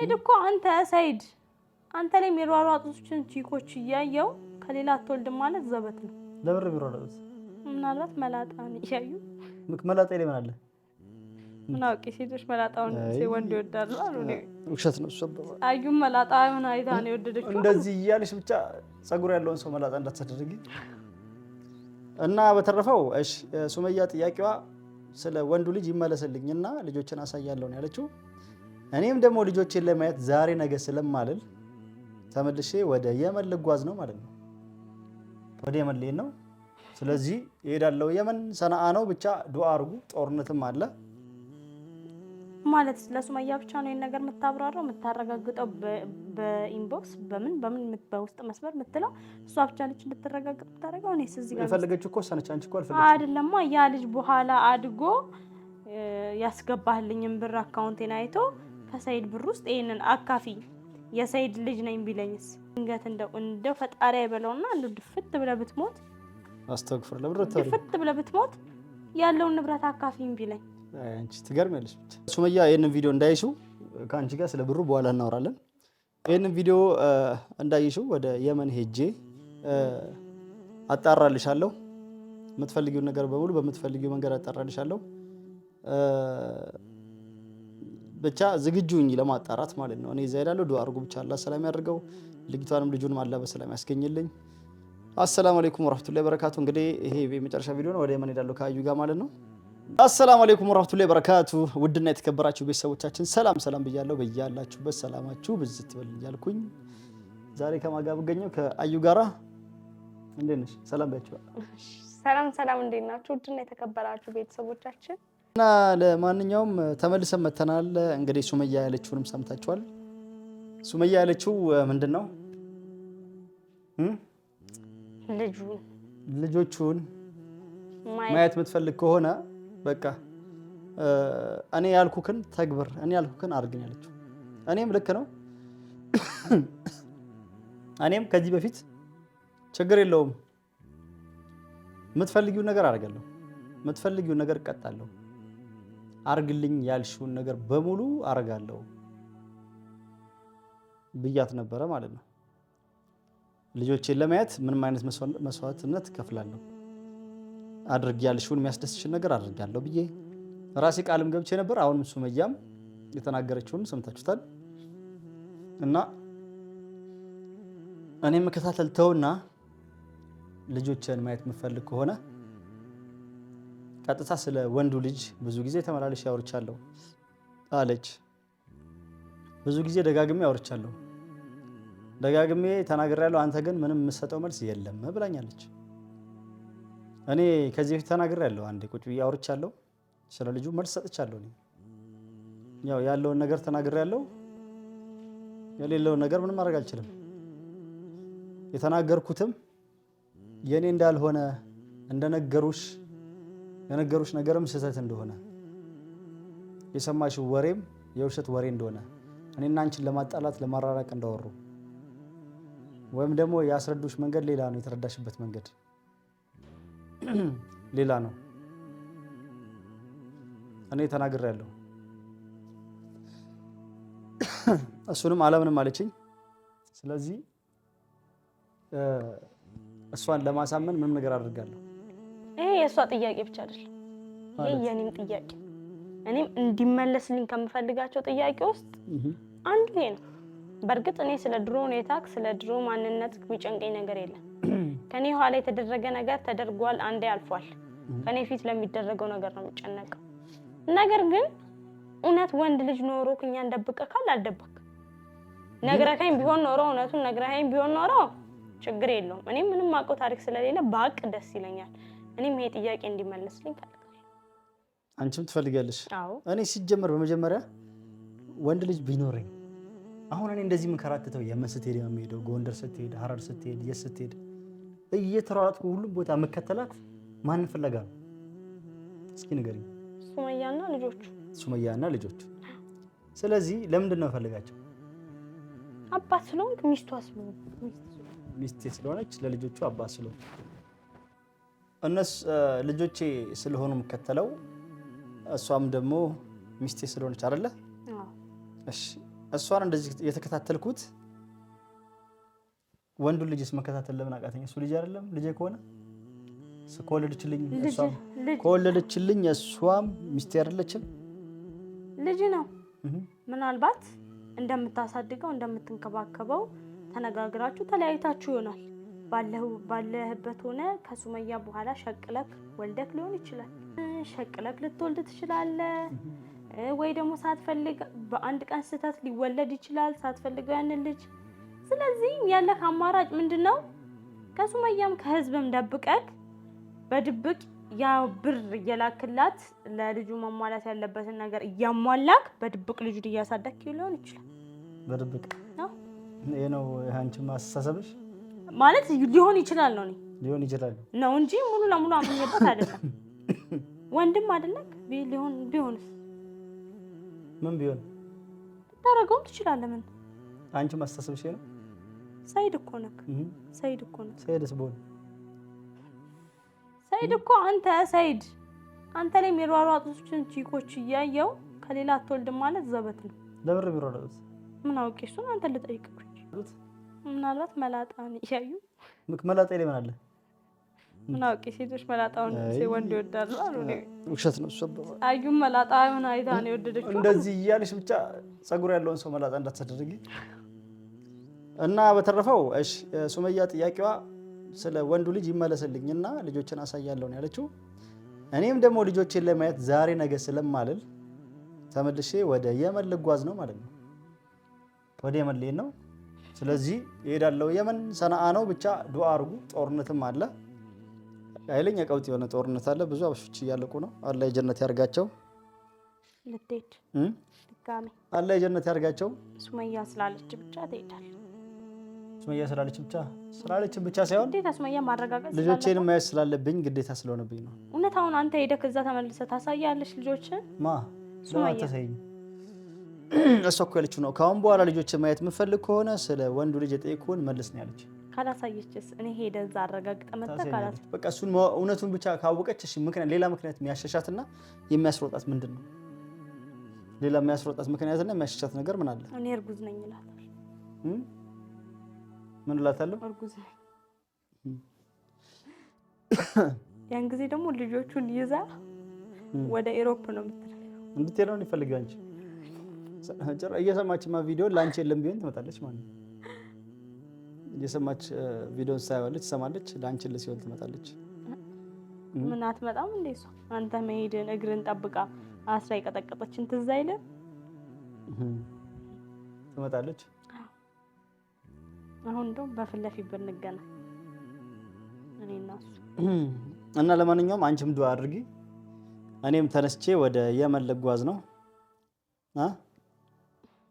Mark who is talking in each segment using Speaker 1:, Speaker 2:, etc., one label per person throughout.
Speaker 1: ሰይድ እኮ አንተ ሰይድ አንተ ላይ የሚሯሯጡትን ቺኮች እያየው ከሌላ አትወልድም ማለት ዘበት ነው።
Speaker 2: ለብር ቢሯሯጡት
Speaker 1: ምናልባት መላጣን እያዩ መላጣ ላይ ምን አለ? ምን አውቄ ሴቶች መላጣውን ወንድ ይወዳሉ አሉ። ውሸት ነው። አዩም መላጣ ሆን አይታ ነው የወደደችው።
Speaker 2: እንደዚህ እያለች ብቻ ጸጉር ያለውን ሰው መላጣ እንዳታደርጊ እና በተረፈው እሺ፣ ሱመያ ጥያቄዋ ስለ ወንዱ ልጅ ይመለስልኝ እና ልጆችን አሳያለሁ ነው ያለችው። እኔም ደግሞ ልጆችን ለማየት ዛሬ ነገ ስለማልል ተመልሼ ወደ የመን ልጓዝ ነው ማለት ነው። ወደ የመን ልሄድ ነው። ስለዚህ እሄዳለሁ። የመን ሰነአ ነው። ብቻ ዱዓ አርጉ። ጦርነትም አለ
Speaker 1: ማለት ለሱመያ ብቻ ነው ይህን ነገር የምታብራራው የምታረጋግጠው፣ በኢንቦክስ በምን በምን በውስጥ መስመር የምትለው እሷ ብቻ ልጅ እንድትረጋግጥ የምታደርገው እኔ ስዚ ጋር
Speaker 2: የፈለገች እኮ ሰነች። አንቺ እኮ
Speaker 1: አልፈለግሽ አይደለማ። ያ ልጅ በኋላ አድጎ ያስገባህልኝም ብር አካውንቴን አይቶ ከሰይድ ብር ውስጥ ይህንን አካፊ የሰይድ ልጅ ነኝ ቢለኝስ? ድንገት እንደው እንደው ፈጣሪ አይበለውና እንደው ድፍት ብለህ ብትሞት
Speaker 2: አስተግፍር ለብረት
Speaker 1: ድፍት ብለህ ብትሞት ያለውን ንብረት አካፊኝ ቢለኝ?
Speaker 2: አንቺ ትገርሚያለሽ። ሱመያ ይህንን ቪዲዮ እንዳይሹ ከአንቺ ጋር ስለ ብሩ በኋላ እናወራለን። ይህንን ቪዲዮ እንዳይሽው ወደ የመን ሄጄ አጣራልሻለሁ። የምትፈልጊውን ነገር በሙሉ በምትፈልጊው መንገድ አጣራልሻለሁ። ብቻ ዝግጁ ዝግጁኝ ለማጣራት ማለት ነው። እኔ እዛ ሄዳለሁ። ዱዓ አድርጉ ብቻ አላህ ሰላም ያደርገው ልጅቷንም ልጁን አላህ በሰላም ያስገኝልኝ። አሰላሙ አለይኩም ወራህመቱላሂ በረካቱ። እንግዲህ ይሄ የመጨረሻ ቪዲዮ ነው። ወደ የመን ሄዳለሁ ከአዩ ጋር ማለት ነው። አሰላሙ አለይኩም ወራህመቱላሂ በረካቱ። ውድና የተከበራችሁ ቤተሰቦቻችን ሰላም ሰላም ብያለሁ። በያላችሁበት ሰላማችሁ ብዝት ይበል እያልኩኝ ዛሬ ከማን ጋር ብገኘው ከአዩ ጋራ። እንዴት ነሽ? ሰላም በያችሁ።
Speaker 1: ሰላም ሰላም፣ እንዴት ናችሁ? ውድና የተከበራችሁ ቤተሰቦቻችን
Speaker 2: እና ለማንኛውም ተመልሰን መተናል። እንግዲህ ሱመያ ያለችውንም ሰምታችኋል። ሱመያ ያለችው ምንድን ነው? ልጆቹን ማየት የምትፈልግ ከሆነ በቃ እኔ ያልኩክን ተግብር፣ እኔ ያልኩክን አድርግን ያለችው። እኔም ልክ ነው። እኔም ከዚህ በፊት ችግር የለውም የምትፈልጊውን ነገር አደርጋለሁ፣ የምትፈልጊውን ነገር እቀጣለሁ አርግልኝ ያልሽውን ነገር በሙሉ አረጋለሁ ብያት ነበረ ማለት ነው። ልጆቼን ለማየት ምንም አይነት መስዋዕትነት ከፍላለሁ አድርግ ያልሽውን የሚያስደስሽን ነገር አድርጋለሁ ብዬ ራሴ ቃልም ገብቼ ነበር። አሁንም ሱመያም የተናገረችውን ሰምታችሁታል። እና እኔ መከታተል ተውና ልጆችን ማየት የምፈልግ ከሆነ ቀጥታ ስለ ወንዱ ልጅ ብዙ ጊዜ ተመላለሽ ያወርቻለሁ አለች። ብዙ ጊዜ ደጋግሜ ያወርቻለሁ ደጋግሜ ያለው አንተ ግን ምንም የምሰጠው መልስ የለም ብላኛለች። እኔ ከዚህ በፊት ያለው አንዴ ቁጭ ብዬ አውርቻለሁ። ስለ ልጁ መልስ ሰጥቻለሁ። ያው ያለውን ነገር ያለው የሌለውን ነገር ምንም ማድረግ አልችልም። የተናገርኩትም የእኔ እንዳልሆነ እንደነገሩሽ የነገሩሽ ነገርም ስህተት እንደሆነ የሰማሽው ወሬም የውሸት ወሬ እንደሆነ እኔና አንቺን ለማጣላት ለማራራቅ እንዳወሩ ወይም ደግሞ ያስረዱሽ መንገድ ሌላ ነው፣ የተረዳሽበት መንገድ ሌላ ነው። እኔ ተናግሬያለሁ። እሱንም አላምንም አለችኝ። ስለዚህ እሷን ለማሳመን ምንም ነገር አድርጋለሁ።
Speaker 1: ይሄ የእሷ ጥያቄ ብቻ አይደለም፣ ይሄ የእኔም ጥያቄ እኔም እንዲመለስልኝ ከምፈልጋቸው ጥያቄ ውስጥ አንዱ ይሄ ነው። በእርግጥ እኔ ስለ ድሮ ሁኔታ ስለ ድሮ ማንነት የሚጨንቀኝ ነገር የለም። ከኔ ኋላ የተደረገ ነገር ተደርጓል፣ አንዴ አልፏል። ከኔ ፊት ለሚደረገው ነገር ነው የሚጨነቀው። ነገር ግን እውነት ወንድ ልጅ ኖሮ እንደብቀ ካል አልደበክ ነግረካኝ ቢሆን ኖሮ እውነቱን ነግረካኝ ቢሆን ኖሮ ችግር የለውም። እኔ ምንም አውቀው ታሪክ ስለሌለ በአቅ ደስ ይለኛል። እኔም ይሄ ጥያቄ እንዲመለስልኝ ፈልጋለሁ።
Speaker 2: አንቺም ትፈልጋለሽ? አዎ። እኔ ሲጀመር በመጀመሪያ ወንድ ልጅ ቢኖረኝ አሁን እኔ እንደዚህ የምንከራተተው የምን ስትሄድ ነው የምሄደው? ጎንደር ስትሄድ፣ ሀረር ስትሄድ፣ የት ስትሄድ እየተሯሯጥኩ ሁሉም ቦታ የምከተላት ማንን ፍለጋ ነው? እስኪ ንገሪኝ።
Speaker 1: ሱመያና ልጆቹ።
Speaker 2: ሱመያና ልጆቹ። ስለዚህ ለምንድን ነው የምፈልጋቸው?
Speaker 1: አባት ስለሆንክ ሚስቷ ስለሆንክ
Speaker 2: ሚስቴ ስለሆነች ለልጆቹ አባት ስለሆንክ እነሱ ልጆቼ ስለሆኑ የምከተለው እሷም ደግሞ ሚስቴ ስለሆነች አይደለ? እሺ እሷን እንደዚህ የተከታተልኩት ወንዱ ልጅስ መከታተል ለምን አቃተኝ? እሱ ልጅ አይደለም? ልጄ ከሆነ ከወለደችልኝ እሷም ከወለደችልኝ እሷም ሚስቴ አይደለችም?
Speaker 1: ልጅ ነው። ምናልባት እንደምታሳድገው እንደምትንከባከበው ተነጋግራችሁ ተለያይታችሁ ይሆናል። ባለህበት ሆነ ከሱመያ በኋላ ሸቅለክ ወልደክ ሊሆን ይችላል። ሸቅለክ ልትወልድ ትችላለህ። ወይ ደግሞ ሳትፈልግ በአንድ ቀን ስህተት ሊወለድ ይችላል፣ ሳትፈልገው ያንን ልጅ። ስለዚህ ያለህ አማራጭ ምንድን ነው? ከሱመያም ከህዝብም ደብቀክ በድብቅ ያ ብር እየላክላት ለልጁ መሟላት ያለበትን ነገር እያሟላክ በድብቅ ልጁ እያሳደግክ ሊሆን ይችላል።
Speaker 2: በድብቅ ይህ ነው አንቺ ማስተሳሰብሽ
Speaker 1: ማለት ሊሆን ይችላል ነው ሊሆን ይችላል ነው እንጂ ሙሉ ለሙሉ አምኜበት አይደለም። ወንድም አይደለም ሊሆን ቢሆንስ ምን ቢሆን ታደርገውም ትችላለህ። ምን
Speaker 2: አንቺ ማስተሳሰብሽ ነው።
Speaker 1: ሰይድ እኮ ነክ ሰይድ እኮ ነህ። ሰይድስ በሆነ ሰይድ እኮ አንተ ሰይድ አንተ ላይ የሚሯሯጡትን ቺኮች እያየው ከሌላ አትወልድም ማለት ዘበት ነው።
Speaker 2: ለምን የሚሯሯጡት
Speaker 1: ምን አውቄ እሱን አንተ ልጠይቅ ምናልባት መላጣን እያዩ
Speaker 2: መላጣ ላይ ምናለ አለ?
Speaker 1: ምን አውቄ ሴቶች መላጣውን ወንድ ይወዳሉ አሉ። ውሸት ነው። አዩም መላጣ የሆነ አይታ ነው የወደደችው።
Speaker 2: እንደዚህ እያለች ብቻ ጸጉር ያለውን ሰው መላጣ እንዳታደርጊ እና በተረፈው እሺ፣ ሱመያ ጥያቄዋ ስለ ወንዱ ልጅ ይመለስልኝ እና ልጆችን አሳያለሁ ነው ያለችው። እኔም ደግሞ ልጆችን ለማየት ዛሬ ነገ ስለማልል ተመልሼ ወደ የመን ልጓዝ ነው ማለት ነው። ወደ የመን ልሄድ ነው ስለዚህ ይሄዳለው። የመን ሰነአ ነው። ብቻ ዱዓ አድርጉ። ጦርነትም አለ፣ ኃይለኛ ቀውጥ የሆነ ጦርነት አለ። ብዙ አበሾች እያለቁ ነው። አላህ የጀነት ያርጋቸው። አላ የጀነት ያርጋቸው።
Speaker 1: ሱመያ ስላለች ብቻ
Speaker 2: ሱመያ ስላለች ብቻ ስላለች ብቻ ሳይሆን ልጆቼን ማየት ስላለብኝ ግዴታ ስለሆነብኝ ነው።
Speaker 1: እውነት አሁን አንተ ሄደህ ከዛ ተመልሰህ ታሳያለች ልጆችን
Speaker 2: ማ ታሳይኝ እሷ እኮ ያለችው ነው። ካሁን በኋላ ልጆች ማየት የምፈልግ ከሆነ ስለ ወንዱ ልጅ የጠየኩህን መልስ ነው ያለች።
Speaker 1: ካላሳየችስ እኔ ሄደ እዛ አረጋግጠህ መጥተህ ካላሳየች
Speaker 2: በቃ እሱን እውነቱን ብቻ ካወቀች እሺ። ምክንያት ሌላ ምክንያት የሚያሸሻትና የሚያስሮጣት ምንድን ነው? ሌላ የሚያስሮጣት ምክንያትና የሚያሸሻት ነገር ምን አለ?
Speaker 1: እኔ እርጉዝ ነኝ እላታለሁ። ምን እላታለሁ? እርጉዝ ነኝ። ያን ጊዜ ደግሞ ልጆቹን ይዛ ወደ ኤሮፕ ነው የምትለው።
Speaker 2: እንድትሄድ ነው እኔ አንቺ እየሰማች ማ ቪዲዮ ላንቺ የለም ቢሆን ትመጣለች ማለት ነው። እየሰማች ቪዲዮን ሳይዋለች ትሰማለች፣ ላንቺ ሲሆን ትመጣለች።
Speaker 1: ምን አትመጣም እንዴ? እሷ አንተ መሄድን እግርን ጠብቃ አስራ የቀጠቀጠችን ትዝ አይልም? ትመጣለች። አሁን እንደው በፊት ለፊት ብንገናኝ እኔና እሱ
Speaker 2: እና ለማንኛውም አንቺም ዱአ አድርጊ። እኔም ተነስቼ ወደ የመን ልጓዝ ነው።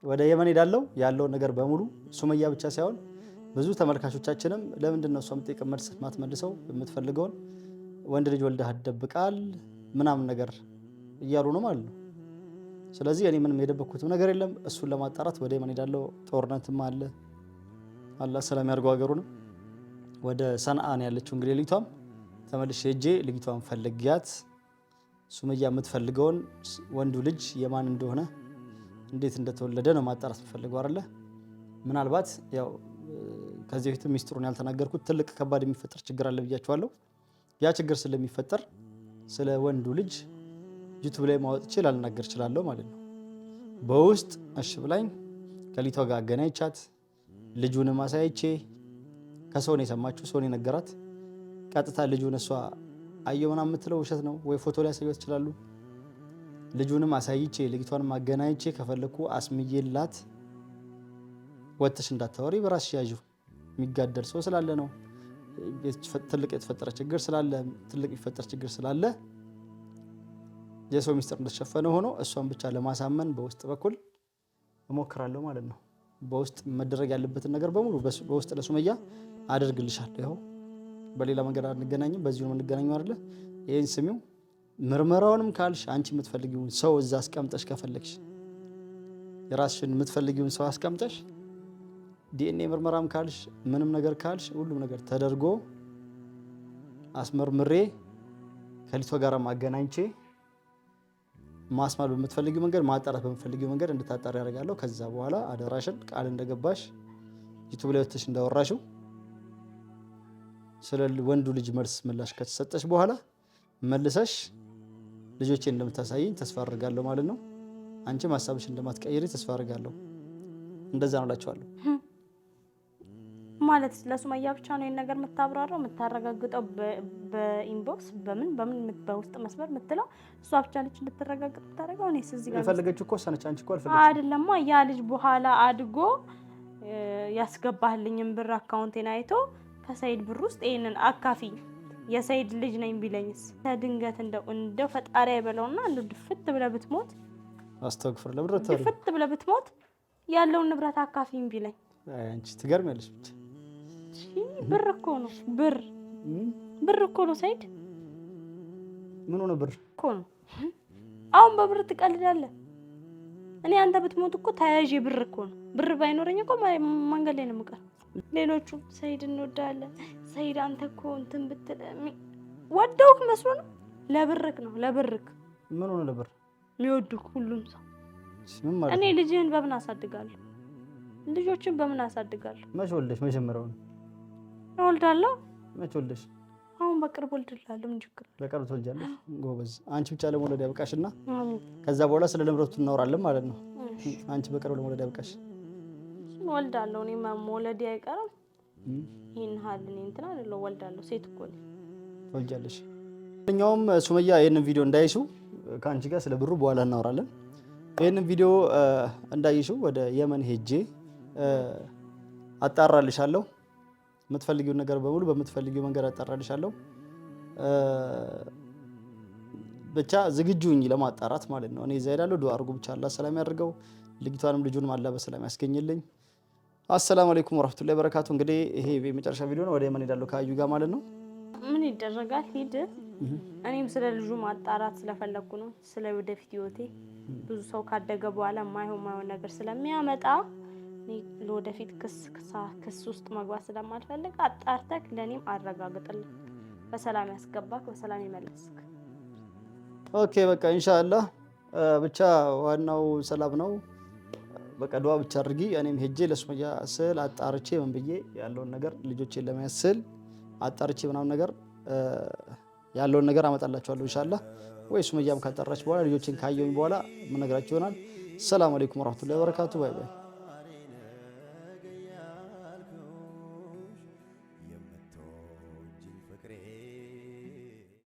Speaker 2: ወደ የመን ሄዳለው ያለውን ነገር በሙሉ ሱመያ ብቻ ሳይሆን ብዙ ተመልካቾቻችንም ለምንድን ነው እሷ የምጠይቅ መልስ ማትመልሰው የምትፈልገውን ወንድ ልጅ ወልደህ አደብቃል ምናምን ነገር እያሉ ነው ማለት ነው። ስለዚህ እኔ ምንም የደበኩትም ነገር የለም። እሱን ለማጣራት ወደ የመን ሄዳለው። ጦርነትም አለ አላህ ሰላም ያድርገው ሀገሩንም። ወደ ሰንአን ያለችው እንግዲህ ልጅቷም ተመልሼ ሄጄ ልጅቷን ፈልጊያት ሱመያ የምትፈልገውን ወንዱ ልጅ የማን እንደሆነ እንዴት እንደተወለደ ነው ማጣራት የምፈልገው አይደለ? ምናልባት ያው ከዚህ በፊት ሚስጥሩን ያልተናገርኩት ትልቅ ከባድ የሚፈጠር ችግር አለ ብያቸዋለሁ። ያ ችግር ስለሚፈጠር ስለ ወንዱ ልጅ ዩቱብ ላይ ማወጥ ችል አልናገር እችላለሁ ማለት ነው። በውስጥ እሺ ብላኝ ከሊቷ ጋር አገናኝቻት ልጁንም አሳይቼ ከሰው ነው የሰማችሁ፣ ሰው የነገራት። ቀጥታ ልጁን እሷ አየውና የምትለው ውሸት ነው ወይ ፎቶ ላይ ያሳዩት ይችላሉ። ልጁንም አሳይቼ ልጅቷንም ማገናኝቼ ከፈለኩ አስምዬላት ወጥተሽ እንዳታወሪ በራስሽ ያዥ። የሚጋደል ሰው ስላለ ነው። ትልቅ የተፈጠረ ችግር ስላለ ትልቅ የሚፈጠር ችግር ስላለ የሰው ሚስጥር እንደተሸፈነ ሆኖ እሷን ብቻ ለማሳመን በውስጥ በኩል እሞክራለሁ ማለት ነው። በውስጥ መደረግ ያለበትን ነገር በሙሉ በውስጥ ለሱመያ አደርግልሻለሁ። ይኸው በሌላ መንገድ አንገናኝም፣ በዚሁ ነው የምንገናኘው አይደለ? ይህን ስሚው። ምርመራውንም ካልሽ አንቺ የምትፈልጊውን ሰው እዛ አስቀምጠሽ ከፈለግሽ የራስሽን የምትፈልጊውን ሰው አስቀምጠሽ ዲኤንኤ ምርመራም ካልሽ ምንም ነገር ካልሽ ሁሉም ነገር ተደርጎ አስመርምሬ ከሊቶ ጋር ማገናኝቼ ማስማል በምትፈልጊው መንገድ ማጣራት በምትፈልጊው መንገድ እንድታጣሪ ያደርጋለሁ። ከዛ በኋላ አደራሽን ቃል እንደገባሽ ዩቱብ ላይ ወተሽ እንዳወራሽው ስለ ወንዱ ልጅ መልስ ምላሽ ከተሰጠሽ በኋላ መልሰሽ ልጆቼን እንደምታሳይኝ ተስፋ አድርጋለሁ ማለት ነው። አንቺም ሀሳብሽ እንደማትቀይሪ ተስፋ አድርጋለሁ። እንደዛ ነው እላቸዋለሁ።
Speaker 1: ማለት ለሱመያ ብቻ ነው ይህን ነገር የምታብራራው የምታረጋግጠው፣ በኢንቦክስ በምን በምን በውስጥ መስመር የምትለው እሷ ብቻ ነች እንድትረጋግጥ የምታደርገው። እኔስ እዚህ
Speaker 2: ጋር የፈለገችው እኮ እሷ ነች። አንቺ እኮ
Speaker 1: አልፈለግሽም አይደለማ። ያ ልጅ በኋላ አድጎ ያስገባህልኝም ብር አካውንቴን አይቶ ከሰይድ ብር ውስጥ ይህንን አካፊ የሰይድ ልጅ ነኝ ቢለኝስ? ድንገት እንደው እንደው ፈጣሪ አይበለውና እንደው ድፍት ብለህ ብትሞት
Speaker 2: አስተግፍር ለብረት
Speaker 1: ድፍት ብለህ ብትሞት ያለውን ንብረት አካፊም ቢለኝ?
Speaker 2: አንቺ ትገርሚያለሽ። ብቻ
Speaker 1: ብር እኮ ነው ብር ብር እኮ ነው። ሰይድ ምን ሆነ? ብር እኮ ነው። አሁን በብር ትቀልዳለህ? እኔ አንተ ብትሞት እኮ ተያዥ ብር እኮ ነው። ብር ባይኖረኝ እኮ መንገድ ላይ ነው የምቀር ሌሎቹም ሰይድ እንወዳለን፣ ሰይድ አንተ እኮ እንትን ብትል ወደውክ መስሎ ነው። ለብርክ ነው ለብርክ። ምን ሆነ ለብር የሚወዱክ ሁሉም ሰው። እኔ ልጅህን በምን አሳድጋለሁ? ልጆችን በምን አሳድጋለሁ?
Speaker 2: መች ወልደሽ? መጀመሪያውን እወልዳለሁ። መች ወልደሽ?
Speaker 1: አሁን በቅርብ ወልድላለሁ። ምን ችግር?
Speaker 2: በቅርብ ትወልጃለሽ። ጎበዝ። አንቺ ብቻ ለመውለድ ያብቃሽና ከዛ በኋላ ስለ ንብረቱ እናወራለን ማለት ነው። አንቺ በቅርብ ለመውለድ ያብቃሽ።
Speaker 1: ወልዳለሁ። እኔ መወለዴ አይቀርም። ይህን ሀል እኔ እንትን አይደለሁ ወልዳለሁ። ሴት እኮ ነኝ።
Speaker 2: ወልጃለሽ። ሱመያ ይህንን ቪዲዮ እንዳይሱ ከአንቺ ጋር ስለ ብሩ በኋላ እናወራለን። ይህንን ቪዲዮ እንዳይሽው ወደ የመን ሄጄ አጣራልሻለሁ። የምትፈልጊውን ነገር በሙሉ በምትፈልጊው መንገድ አጣራልሻለሁ። ብቻ ዝግጁኝ ለማጣራት ማለት ነው። እኔ እዛ እሄዳለሁ። ዱአ አድርጉ ብቻ አላህ ሰላም ያድርገው። ልጅቷንም ልጁንም አላበ በሰላም ያስገኝልኝ። አሰላሙ አለይኩም ወራህመቱላሂ ወበረካቱ። እንግዲህ ይሄ የመጨረሻ ቪዲዮ ነው። ወደ የመን ሄዳለሁ ከአዩ ጋር ማለት ነው።
Speaker 1: ምን ይደረጋል፣ ሂድ። እኔም ስለ ልጁ ማጣራት ስለፈለኩ ነው። ስለ ወደፊት ህይወቴ ብዙ ሰው ካደገ በኋላ ማይሆን ማይሆን ነገር ስለሚያመጣ ለወደፊት ክስ ክስ ውስጥ መግባት ስለማልፈልግ አጣርተክ ለእኔም አረጋግጥልኝ። በሰላም ያስገባክ፣ በሰላም ይመለስክ።
Speaker 2: ኦኬ በቃ ኢንሻአላህ። ብቻ ዋናው ሰላም ነው። በቃ ዱዓ ብቻ አድርጊ። እኔም ሄጄ ለሱመያ ስል አጣርቼ ምን ብዬ ያለውን ነገር ልጆቼን ለመያዝ ስል አጣርቼ ምናምን ነገር ያለውን ነገር አመጣላቸዋለሁ እንሻላ። ወይ ሱመያም ካጣራች በኋላ ልጆችን ካየሁኝ በኋላ ምን ይሆናል። ሰላም አለይኩም ወራህመቱላሂ ወበረካቱ። ባይ ባይ